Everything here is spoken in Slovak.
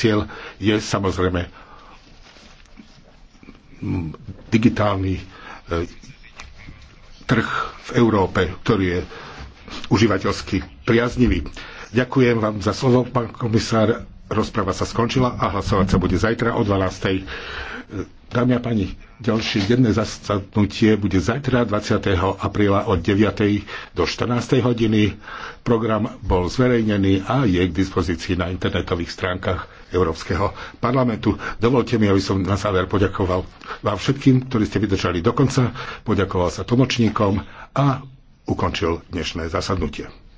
cieľ je samozrejme digitálny e, trh v Európe, ktorý je užívateľsky priaznivý. Ďakujem vám za slovo, pán komisár. Rozprava sa skončila a hlasovať sa bude zajtra o 12. Dámy a pani, ďalšie denné zasadnutie bude zajtra 20. apríla od 9. do 14. hodiny. Program bol zverejnený a je k dispozícii na internetových stránkach Európskeho parlamentu. Dovolte mi, aby som na záver poďakoval vám všetkým, ktorí ste vydržali do konca. Poďakoval sa tlmočníkom a ukončil dnešné zasadnutie.